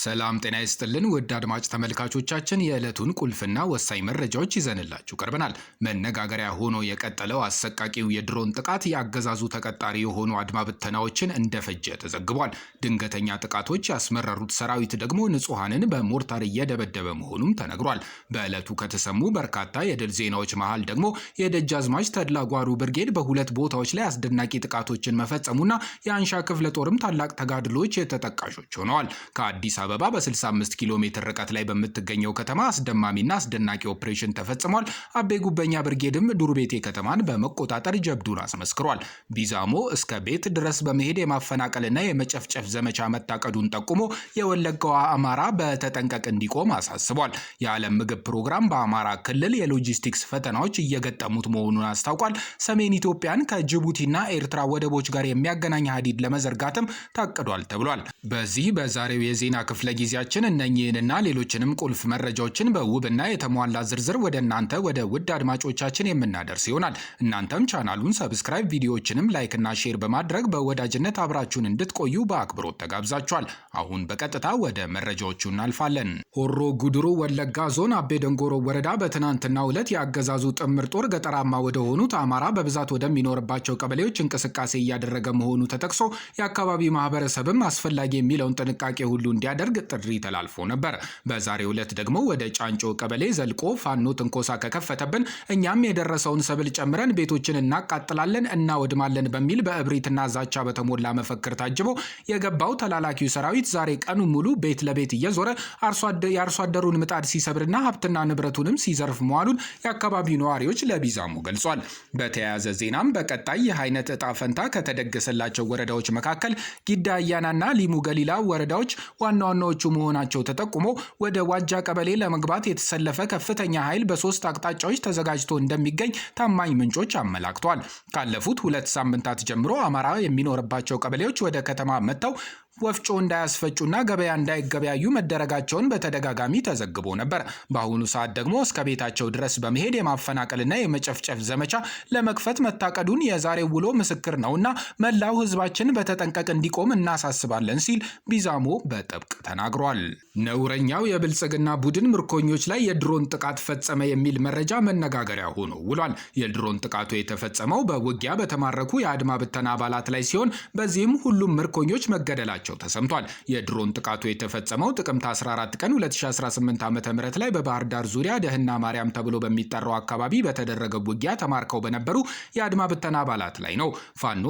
ሰላም ጤና ይስጥልን ውድ አድማጭ ተመልካቾቻችን፣ የዕለቱን ቁልፍና ወሳኝ መረጃዎች ይዘንላችሁ ቀርበናል። መነጋገሪያ ሆኖ የቀጠለው አሰቃቂው የድሮን ጥቃት የአገዛዙ ተቀጣሪ የሆኑ አድማ ብተናዎችን እንደፈጀ ተዘግቧል። ድንገተኛ ጥቃቶች ያስመረሩት ሰራዊት ደግሞ ንጹሐንን በሞርታር እየደበደበ መሆኑም ተነግሯል። በዕለቱ ከተሰሙ በርካታ የድል ዜናዎች መሃል ደግሞ የደጃዝማች አዝማች ጓሩ ብርጌድ በሁለት ቦታዎች ላይ አስደናቂ ጥቃቶችን መፈጸሙና የአንሻ ክፍለ ጦርም ታላቅ ተጋድሎች ተጠቃሾች ሆነዋል። ከአዲስ አበባ በ65 ኪሎ ሜትር ርቀት ላይ በምትገኘው ከተማ አስደማሚና አስደናቂ ኦፕሬሽን ተፈጽሟል። አቤ ጉበኛ ብርጌድም ዱርቤቴ ከተማን በመቆጣጠር ጀብዱን አስመስክሯል። ቢዛሞ እስከ ቤት ድረስ በመሄድ የማፈናቀልና የመጨፍጨፍ ዘመቻ መታቀዱን ጠቁሞ የወለጋው አማራ በተጠንቀቅ እንዲቆም አሳስቧል። የዓለም ምግብ ፕሮግራም በአማራ ክልል የሎጂስቲክስ ፈተናዎች እየገጠሙት መሆኑን አስታውቋል። ሰሜን ኢትዮጵያን ከጅቡቲና ኤርትራ ወደቦች ጋር የሚያገናኝ ሀዲድ ለመዘርጋትም ታቅዷል ተብሏል። በዚህ በዛሬው የዜና ክፍለ ጊዜያችን እነኚህንና ሌሎችንም ቁልፍ መረጃዎችን በውብና የተሟላ ዝርዝር ወደ እናንተ ወደ ውድ አድማጮቻችን የምናደርስ ይሆናል። እናንተም ቻናሉን ሰብስክራይብ፣ ቪዲዮዎችንም ላይክና ሼር በማድረግ በወዳጅነት አብራችሁን እንድትቆዩ በአክብሮት ተጋብዛችኋል። አሁን በቀጥታ ወደ መረጃዎቹ እናልፋለን። ሆሮ ጉድሩ ወለጋ ዞን አቤ ደንጎሮ ወረዳ በትናንትናው ዕለት የአገዛዙ ጥምር ጦር ገጠራማ ወደሆኑት አማራ በብዛት ወደሚኖርባቸው ቀበሌዎች እንቅስቃሴ እያደረገ መሆኑ ተጠቅሶ የአካባቢ ማህበረሰብም አስፈላጊ የሚለውን ጥንቃቄ ሁሉ እንዲያደ እንዲያደርግ ጥሪ ተላልፎ ነበር። በዛሬው ዕለት ደግሞ ወደ ጫንጮ ቀበሌ ዘልቆ ፋኖ ትንኮሳ ከከፈተብን እኛም የደረሰውን ሰብል ጨምረን ቤቶችን እናቃጥላለን፣ እናወድማለን በሚል በእብሪትና ዛቻ በተሞላ መፈክር ታጅቦ የገባው ተላላኪው ሰራዊት ዛሬ ቀኑ ሙሉ ቤት ለቤት እየዞረ የአርሶ አደሩን ምጣድ ሲሰብርና ሀብትና ንብረቱንም ሲዘርፍ መዋሉን የአካባቢው ነዋሪዎች ለቢዛሙ ገልጿል። በተያያዘ ዜናም በቀጣይ ይህ አይነት እጣ ፈንታ ከተደገሰላቸው ወረዳዎች መካከል ጊዳ አያናና ሊሙ ገሊላ ወረዳዎች ዋና ዋናዎቹ መሆናቸው ተጠቁሞ ወደ ዋጃ ቀበሌ ለመግባት የተሰለፈ ከፍተኛ ኃይል በሶስት አቅጣጫዎች ተዘጋጅቶ እንደሚገኝ ታማኝ ምንጮች አመላክቷል። ካለፉት ሁለት ሳምንታት ጀምሮ አማራ የሚኖርባቸው ቀበሌዎች ወደ ከተማ መጥተው ወፍጮ እንዳያስፈጩና ገበያ እንዳይገበያዩ መደረጋቸውን በተደጋጋሚ ተዘግቦ ነበር። በአሁኑ ሰዓት ደግሞ እስከ ቤታቸው ድረስ በመሄድ የማፈናቀልና የመጨፍጨፍ ዘመቻ ለመክፈት መታቀዱን የዛሬው ውሎ ምስክር ነውና መላው ሕዝባችን በተጠንቀቅ እንዲቆም እናሳስባለን ሲል ቢዛሞ በጥብቅ ተናግሯል። ነውረኛው የብልጽግና ቡድን ምርኮኞች ላይ የድሮን ጥቃት ፈጸመ የሚል መረጃ መነጋገሪያ ሆኖ ውሏል። የድሮን ጥቃቱ የተፈጸመው በውጊያ በተማረኩ የአድማ ብተና አባላት ላይ ሲሆን በዚህም ሁሉም ምርኮኞች መገደላቸው መሆናቸው ተሰምቷል። የድሮን ጥቃቱ የተፈጸመው ጥቅምት 14 ቀን 2018 ዓ.ም ላይ በባህር ዳር ዙሪያ ደህና ማርያም ተብሎ በሚጠራው አካባቢ በተደረገ ውጊያ ተማርከው በነበሩ የአድማ ብተና አባላት ላይ ነው። ፋኖ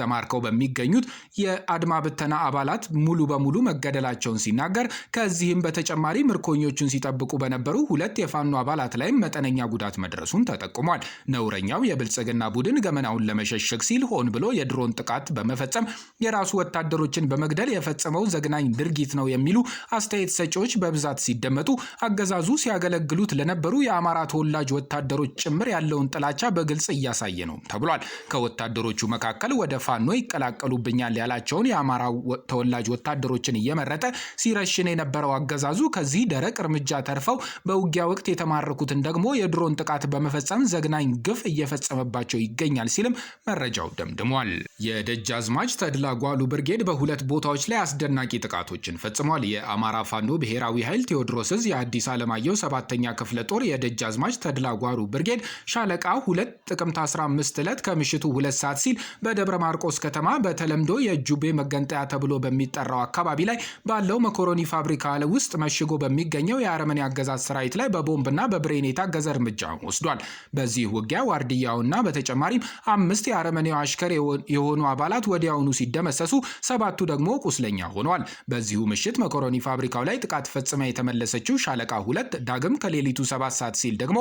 ተማርከው በሚገኙት የአድማ ብተና አባላት ሙሉ በሙሉ መገደላቸውን ሲናገር ከዚህም በተጨማሪ ምርኮኞቹን ሲጠብቁ በነበሩ ሁለት የፋኖ አባላት ላይም መጠነኛ ጉዳት መድረሱን ተጠቁሟል። ነውረኛው የብልጽግና ቡድን ገመናውን ለመሸሸግ ሲል ሆን ብሎ የድሮን ጥቃት በመፈጸም የራሱ ወታደሮችን በመግደል የፈጸመው ዘግናኝ ድርጊት ነው የሚሉ አስተያየት ሰጪዎች በብዛት ሲደመጡ አገዛዙ ሲያገለግሉት ለነበሩ የአማራ ተወላጅ ወታደሮች ጭምር ያለውን ጥላቻ በግልጽ እያሳየ ነው ተብሏል። ከወታደሮቹ መካከል ወደ ፋኖ ይቀላቀሉብኛል ያላቸውን የአማራ ተወላጅ ወታደሮችን እየመረጠ ሲረሽን የነበረው አገዛዙ ከዚህ ደረቅ እርምጃ ተርፈው በውጊያ ወቅት የተማረኩትን ደግሞ የድሮን ጥቃት በመፈጸም ዘግናኝ ግፍ እየፈጸመባቸው ይገኛል ሲልም መረጃው ደምድሟል። የደጃዝማች ተድላ ጓሉ ብርጌድ በሁለት ቦታዎች ላይ አስደናቂ ጥቃቶችን ፈጽሟል። የአማራ ፋኖ ብሔራዊ ኃይል ቴዎድሮስዝ የአዲስ ዓለማየሁ ሰባተኛ ክፍለ ጦር የደጃዝማች ተድላ ጓሉ ብርጌድ ሻለቃ ሁለት ጥቅምት 15 ዕለት ከምሽቱ ሁለት ሰዓት ሲል በደብረ ማር ማርቆስ ከተማ በተለምዶ የጁቤ መገንጠያ ተብሎ በሚጠራው አካባቢ ላይ ባለው መኮሮኒ ፋብሪካ ውስጥ መሽጎ በሚገኘው የአረመኔ አገዛዝ ሰራዊት ላይ በቦምብና በብሬን የታገዘ እርምጃ ወስዷል። በዚህ ውጊያ ዋርድያውና በተጨማሪም አምስት የአረመኔው አሽከር የሆኑ አባላት ወዲያውኑ ሲደመሰሱ፣ ሰባቱ ደግሞ ቁስለኛ ሆነዋል። በዚሁ ምሽት መኮሮኒ ፋብሪካው ላይ ጥቃት ፈጽማ የተመለሰችው ሻለቃ ሁለት ዳግም ከሌሊቱ ሰባት ሰዓት ሲል ደግሞ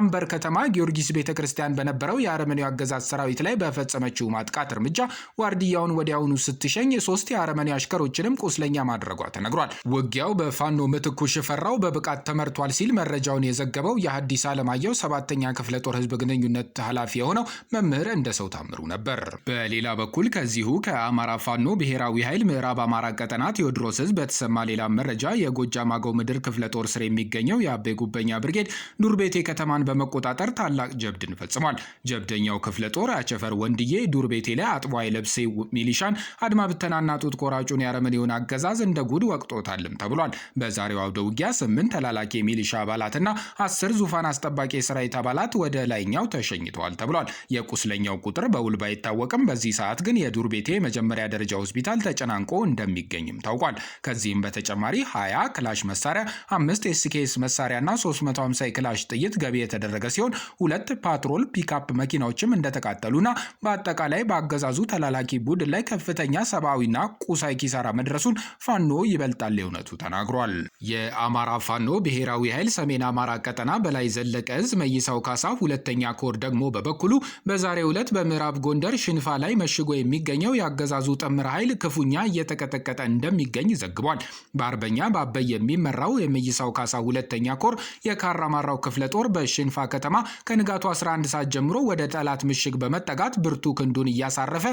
አንበር ከተማ ጊዮርጊስ ቤተ ክርስቲያን በነበረው የአረመኔው አገዛዝ ሰራዊት ላይ በፈጸመችው ማጥቃት እርምጃ እርምጃ ዋርድያውን ወዲያውኑ ስትሸኝ ሶስት የአረመኔ አሽከሮችንም ቁስለኛ ማድረጓ ተነግሯል። ውጊያው በፋኖ ምትኩ ሽፈራው በብቃት ተመርቷል ሲል መረጃውን የዘገበው የሐዲስ ዓለማየሁ ሰባተኛ ክፍለ ጦር ህዝብ ግንኙነት ኃላፊ የሆነው መምህር እንደ ሰው ታምሩ ነበር። በሌላ በኩል ከዚሁ ከአማራ ፋኖ ብሔራዊ ኃይል ምዕራብ አማራ ቀጠና ቴዎድሮስ ህዝብ በተሰማ ሌላ መረጃ የጎጃም አገው ምድር ክፍለ ጦር ስር የሚገኘው የአቤ ጉበኛ ብርጌድ ዱርቤቴ ከተማን በመቆጣጠር ታላቅ ጀብድን ፈጽሟል። ጀብደኛው ክፍለ ጦር አቸፈር ወንድዬ ዱርቤቴ ላይ ታጥቦ አይለብስ ሚሊሻን አድማ ብተናና ጡት ቆራጩን የአረመኔውን አገዛዝ እንደ ጉድ ወቅጦታልም ተብሏል። በዛሬው አውደ ውጊያ ስምንት ተላላኪ የሚሊሻ አባላትና አስር ዙፋን አስጠባቂ የሰራዊት አባላት ወደ ላይኛው ተሸኝተዋል ተብሏል። የቁስለኛው ቁጥር በውል ባይታወቅም በዚህ ሰዓት ግን የዱር ቤቴ የመጀመሪያ ደረጃ ሆስፒታል ተጨናንቆ እንደሚገኝም ታውቋል። ከዚህም በተጨማሪ 20 ክላሽ መሳሪያ፣ አምስት ኤስኬስ መሳሪያና 350 ክላሽ ጥይት ገቢ የተደረገ ሲሆን ሁለት ፓትሮል ፒካፕ መኪናዎችም እንደተቃጠሉና በአጠቃላይ በአገዛዙ በያዙ ተላላኪ ቡድን ላይ ከፍተኛ ሰብአዊና ቁሳዊ ኪሳራ መድረሱን ፋኖ ይበልጣል የእውነቱ ተናግሯል። የአማራ ፋኖ ብሔራዊ ኃይል ሰሜን አማራ ቀጠና በላይ ዘለቀ እዝ መይሳው ካሳ ሁለተኛ ኮር ደግሞ በበኩሉ በዛሬው ዕለት በምዕራብ ጎንደር ሽንፋ ላይ መሽጎ የሚገኘው የአገዛዙ ጥምር ኃይል ክፉኛ እየተቀጠቀጠ እንደሚገኝ ዘግቧል። በአርበኛ በአበይ የሚመራው የመይሳው ካሳ ሁለተኛ ኮር የካራማራው ክፍለ ጦር በሽንፋ ከተማ ከንጋቱ 11 ሰዓት ጀምሮ ወደ ጠላት ምሽግ በመጠጋት ብርቱ ክንዱን እያሳረፈ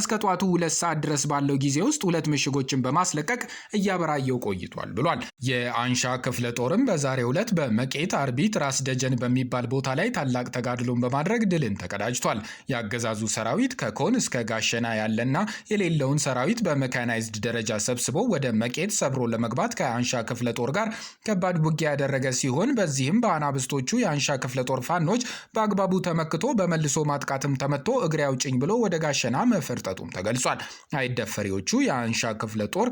እስከ ጠዋቱ ሁለት ሰዓት ድረስ ባለው ጊዜ ውስጥ ሁለት ምሽጎችን በማስለቀቅ እያበራየው ቆይቷል ብሏል። የአንሻ ክፍለ ጦርም በዛሬው ዕለት በመቄት አርቢት ራስ ደጀን በሚባል ቦታ ላይ ታላቅ ተጋድሎን በማድረግ ድልን ተቀዳጅቷል። የአገዛዙ ሰራዊት ከኮን እስከ ጋሸና ያለና የሌለውን ሰራዊት በመካናይዝድ ደረጃ ሰብስቦ ወደ መቄት ሰብሮ ለመግባት ከአንሻ ክፍለ ጦር ጋር ከባድ ውጊያ ያደረገ ሲሆን በዚህም በአናብስቶቹ የአንሻ ክፍለ ጦር ፋኖች በአግባቡ ተመክቶ በመልሶ ማጥቃትም ተመቶ እግሬ አውጭኝ ብሎ ወደ ጋሸና ፈተና መፈርጠጡም ተገልጿል። አይደፈሪዎቹ የአንሻ ክፍለ ጦር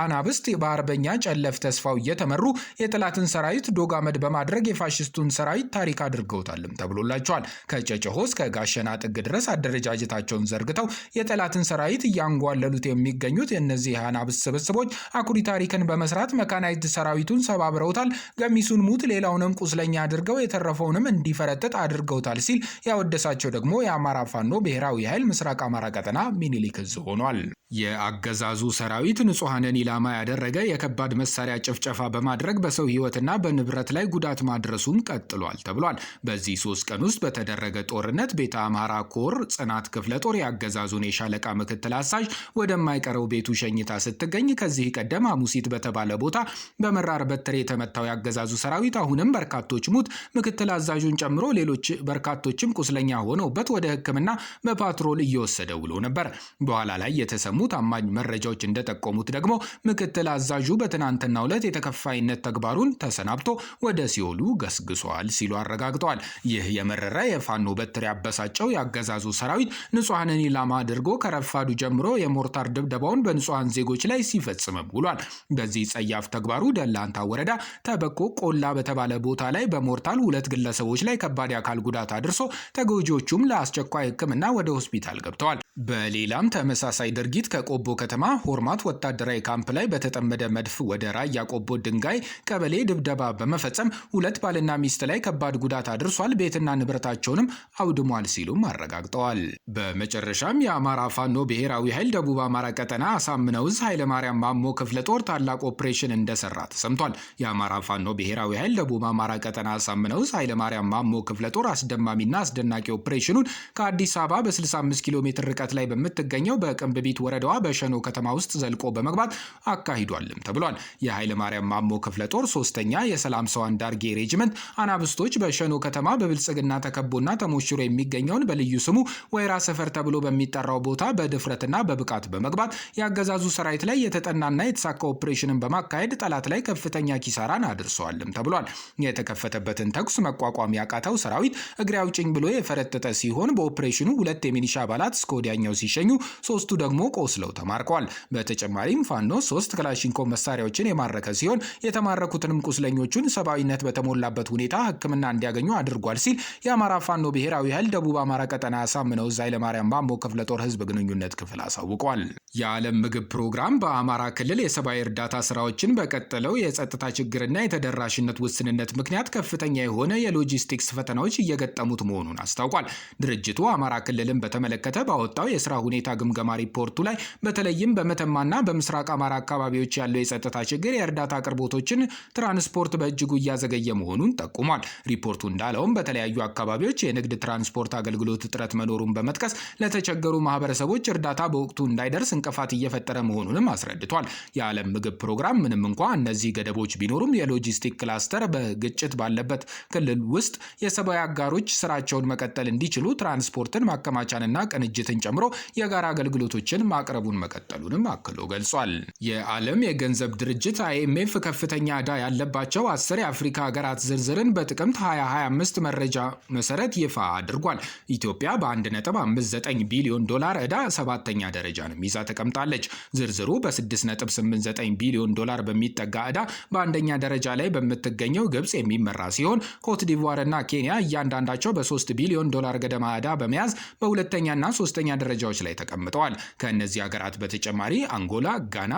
አናብስት በአርበኛ ጨለፍ ተስፋው እየተመሩ የጠላትን ሰራዊት ዶጋመድ በማድረግ የፋሽስቱን ሰራዊት ታሪክ አድርገውታልም ተብሎላቸዋል። ከጨጨሆ እስከ ጋሸና ጥግ ድረስ አደረጃጀታቸውን ዘርግተው የጠላትን ሰራዊት እያንጓለሉት የሚገኙት የእነዚህ የአናብስት ስብስቦች አኩሪ ታሪክን በመስራት መካናይት ሰራዊቱን ሰባብረውታል። ገሚሱን ሙት፣ ሌላውንም ቁስለኛ አድርገው የተረፈውንም እንዲፈረጥጥ አድርገውታል ሲል ያወደሳቸው ደግሞ የአማራ ፋኖ ብሔራዊ ኃይል ምስራቅ አማራ የአማራ ቀጠና ሚኒሊክ እዝ ሆኗል። የአገዛዙ ሰራዊት ንጹሐንን ኢላማ ያደረገ የከባድ መሳሪያ ጭፍጨፋ በማድረግ በሰው ህይወትና በንብረት ላይ ጉዳት ማድረሱን ቀጥሏል ተብሏል። በዚህ ሶስት ቀን ውስጥ በተደረገ ጦርነት ቤተ አማራ ኮር ጽናት ክፍለ ጦር የአገዛዙን የሻለቃ ምክትል አዛዥ ወደማይቀረው ቤቱ ሸኝታ ስትገኝ ከዚህ ቀደም አሙሲት በተባለ ቦታ በመራር በትር የተመታው የአገዛዙ ሰራዊት አሁንም በርካቶች ሙት፣ ምክትል አዛዡን ጨምሮ ሌሎች በርካቶችም ቁስለኛ ሆነውበት ወደ ህክምና በፓትሮል እየወሰደ ተደውሎ ነበር። በኋላ ላይ የተሰሙ ታማኝ መረጃዎች እንደጠቆሙት ደግሞ ምክትል አዛዡ በትናንትናው ዕለት የተከፋይነት ተግባሩን ተሰናብቶ ወደ ሲኦሉ ገስግሷል ሲሉ አረጋግጠዋል። ይህ የመረረ የፋኖ በትር ያበሳጨው የአገዛዙ ሰራዊት ንጹሐንን ኢላማ አድርጎ ከረፋዱ ጀምሮ የሞርታር ድብደባውን በንጹሐን ዜጎች ላይ ሲፈጽም ውሏል። በዚህ ጸያፍ ተግባሩ ደላንታ ወረዳ ተበቆ ቆላ በተባለ ቦታ ላይ በሞርታል ሁለት ግለሰቦች ላይ ከባድ የአካል ጉዳት አድርሶ ተጎጂዎቹም ለአስቸኳይ ሕክምና ወደ ሆስፒታል ገብተዋል። በሌላም ተመሳሳይ ድርጊት ከቆቦ ከተማ ሆርማት ወታደራዊ ካምፕ ላይ በተጠመደ መድፍ ወደ ራያ ቆቦ ድንጋይ ቀበሌ ድብደባ በመፈጸም ሁለት ባልና ሚስት ላይ ከባድ ጉዳት አድርሷል፣ ቤትና ንብረታቸውንም አውድሟል ሲሉም አረጋግጠዋል። በመጨረሻም የአማራ ፋኖ ብሔራዊ ኃይል ደቡብ አማራ ቀጠና አሳምነው ኃይለማርያም ማሞ ክፍለ ጦር ታላቅ ኦፕሬሽን እንደሰራ ተሰምቷል። የአማራ ፋኖ ብሔራዊ ኃይል ደቡብ አማራ ቀጠና አሳምነው ኃይለማርያም ማሞ ክፍለ ጦር አስደማሚና አስደናቂ ኦፕሬሽኑን ከአዲስ አበባ በ65 ኪሎ ሜትር ርቀት ርቀት ላይ በምትገኘው በቅንብቢት ወረዳዋ በሸኖ ከተማ ውስጥ ዘልቆ በመግባት አካሂዷልም ተብሏል። የኃይለ ማርያም ማሞ ክፍለ ጦር ሶስተኛ የሰላም ሰው አንዳርጌ ሬጅመንት አናብስቶች በሸኖ ከተማ በብልጽግና ተከቦና ተሞሽሮ የሚገኘውን በልዩ ስሙ ወይራ ሰፈር ተብሎ በሚጠራው ቦታ በድፍረትና በብቃት በመግባት የአገዛዙ ሰራዊት ላይ የተጠናና የተሳካ ኦፕሬሽንን በማካሄድ ጠላት ላይ ከፍተኛ ኪሳራን አድርሰዋልም ተብሏል። የተከፈተበትን ተኩስ መቋቋም ያቃተው ሰራዊት እግሬ አውጭኝ ብሎ የፈረጠጠ ሲሆን በኦፕሬሽኑ ሁለት የሚኒሻ አባላት እስከ ወዲያ ወዲያኛው ሲሸኙ ሶስቱ ደግሞ ቆስለው ተማርከዋል። በተጨማሪም ፋኖ ሶስት ክላሽንኮቭ መሳሪያዎችን የማረከ ሲሆን የተማረኩትንም ቁስለኞቹን ሰብአዊነት በተሞላበት ሁኔታ ሕክምና እንዲያገኙ አድርጓል ሲል የአማራ ፋኖ ብሔራዊ ኃይል ደቡብ አማራ ቀጠና ያሳምነው ኃይለማርያም ባሞ ክፍለ ጦር ህዝብ ግንኙነት ክፍል አሳውቋል። የዓለም ምግብ ፕሮግራም በአማራ ክልል የሰብአዊ እርዳታ ስራዎችን በቀጠለው የጸጥታ ችግርና የተደራሽነት ውስንነት ምክንያት ከፍተኛ የሆነ የሎጂስቲክስ ፈተናዎች እየገጠሙት መሆኑን አስታውቋል። ድርጅቱ አማራ ክልልን በተመለከተ ባወጣ ባወጣው የስራ ሁኔታ ግምገማ ሪፖርቱ ላይ በተለይም በመተማና በምስራቅ አማራ አካባቢዎች ያለው የጸጥታ ችግር የእርዳታ አቅርቦቶችን ትራንስፖርት በእጅጉ እያዘገየ መሆኑን ጠቁሟል። ሪፖርቱ እንዳለውም በተለያዩ አካባቢዎች የንግድ ትራንስፖርት አገልግሎት እጥረት መኖሩን በመጥቀስ ለተቸገሩ ማህበረሰቦች እርዳታ በወቅቱ እንዳይደርስ እንቅፋት እየፈጠረ መሆኑንም አስረድቷል። የዓለም ምግብ ፕሮግራም ምንም እንኳ እነዚህ ገደቦች ቢኖሩም የሎጂስቲክ ክላስተር በግጭት ባለበት ክልል ውስጥ የሰብአዊ አጋሮች ስራቸውን መቀጠል እንዲችሉ ትራንስፖርትን ማከማቻንና ቅንጅትን ጨምሮ የጋራ አገልግሎቶችን ማቅረቡን መቀጠሉንም አክሎ ገልጿል። የዓለም የገንዘብ ድርጅት አይኤምኤፍ ከፍተኛ ዕዳ ያለባቸው አስር የአፍሪካ ሀገራት ዝርዝርን በጥቅምት 2025 መረጃ መሰረት ይፋ አድርጓል። ኢትዮጵያ በ1.59 ቢሊዮን ዶላር ዕዳ ሰባተኛ ደረጃንም ይዛ ተቀምጣለች። ዝርዝሩ በ6.89 ቢሊዮን ዶላር በሚጠጋ ዕዳ በአንደኛ ደረጃ ላይ በምትገኘው ግብፅ የሚመራ ሲሆን ኮት ዲቯር እና ኬንያ እያንዳንዳቸው በ3 ቢሊዮን ዶላር ገደማ ዕዳ በመያዝ በሁለተኛና ሶስተኛ ደረጃዎች ላይ ተቀምጠዋል። ከእነዚህ ሀገራት በተጨማሪ አንጎላ፣ ጋና፣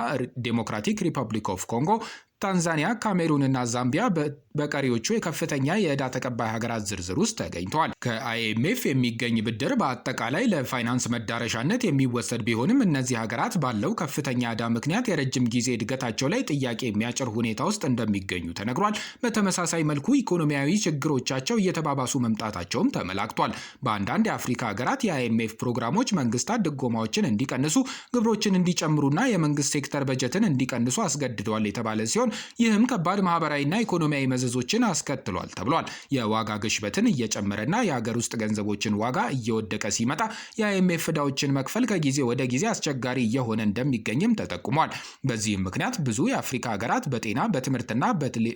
ዴሞክራቲክ ሪፐብሊክ ኦፍ ኮንጎ፣ ታንዛኒያ፣ ካሜሩንና ዛምቢያ በቀሪዎቹ የከፍተኛ የዕዳ ተቀባይ ሀገራት ዝርዝር ውስጥ ተገኝተዋል። ከአይኤምኤፍ የሚገኝ ብድር በአጠቃላይ ለፋይናንስ መዳረሻነት የሚወሰድ ቢሆንም እነዚህ ሀገራት ባለው ከፍተኛ ዕዳ ምክንያት የረጅም ጊዜ እድገታቸው ላይ ጥያቄ የሚያጭር ሁኔታ ውስጥ እንደሚገኙ ተነግሯል። በተመሳሳይ መልኩ ኢኮኖሚያዊ ችግሮቻቸው እየተባባሱ መምጣታቸውም ተመላክቷል። በአንዳንድ የአፍሪካ ሀገራት የአይኤምኤፍ ፕሮግራሞች መንግስታት ድጎማዎችን እንዲቀንሱ፣ ግብሮችን እንዲጨምሩና የመንግስት ሴክተር በጀትን እንዲቀንሱ አስገድደዋል የተባለ ሲሆን ይህም ከባድ ማህበራዊና ኢኮኖሚያዊ መዘዞችን አስከትሏል ተብሏል። የዋጋ ግሽበትን እየጨመረና የሀገር ውስጥ ገንዘቦችን ዋጋ እየወደቀ ሲመጣ የአይኤምኤፍ ዕዳዎችን መክፈል ከጊዜ ወደ ጊዜ አስቸጋሪ እየሆነ እንደሚገኝም ተጠቁሟል። በዚህም ምክንያት ብዙ የአፍሪካ ሀገራት በጤና በትምህርትና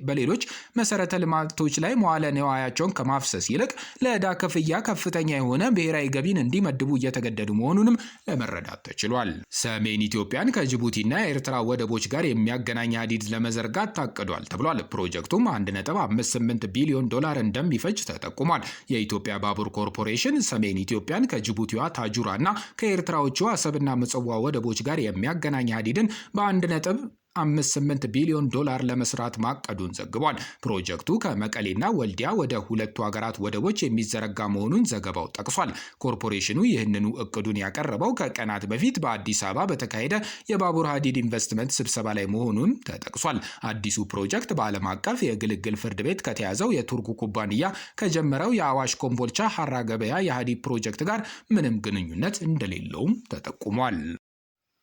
በሌሎች መሰረተ ልማቶች ላይ መዋለ ንዋያቸውን ከማፍሰስ ይልቅ ለዕዳ ክፍያ ከፍተኛ የሆነ ብሔራዊ ገቢን እንዲመድቡ እየተገደዱ መሆኑንም ለመረዳት ተችሏል። ሰሜን ኢትዮጵያን ከጅቡቲና የኤርትራ ወደቦች ጋር የሚያገናኝ ሀዲድ ለመዘረ ለመዘርጋት ታቅዷል ተብሏል። ፕሮጀክቱም 1.58 ቢሊዮን ዶላር እንደሚፈጅ ተጠቁሟል። የኢትዮጵያ ባቡር ኮርፖሬሽን ሰሜን ኢትዮጵያን ከጅቡቲዋ ታጁራ እና ከኤርትራዎቹ አሰብና ምጽዋ ወደቦች ጋር የሚያገናኝ ሀዲድን በአንድ ነጥብ 58 ቢሊዮን ዶላር ለመስራት ማቀዱን ዘግቧል። ፕሮጀክቱ ከመቀሌና ወልዲያ ወደ ሁለቱ ሀገራት ወደቦች የሚዘረጋ መሆኑን ዘገባው ጠቅሷል። ኮርፖሬሽኑ ይህንኑ እቅዱን ያቀረበው ከቀናት በፊት በአዲስ አበባ በተካሄደ የባቡር ሀዲድ ኢንቨስትመንት ስብሰባ ላይ መሆኑን ተጠቅሷል። አዲሱ ፕሮጀክት በዓለም አቀፍ የግልግል ፍርድ ቤት ከተያዘው የቱርኩ ኩባንያ ከጀመረው የአዋሽ ኮምቦልቻ ሀራ ገበያ የሀዲድ ፕሮጀክት ጋር ምንም ግንኙነት እንደሌለውም ተጠቁሟል።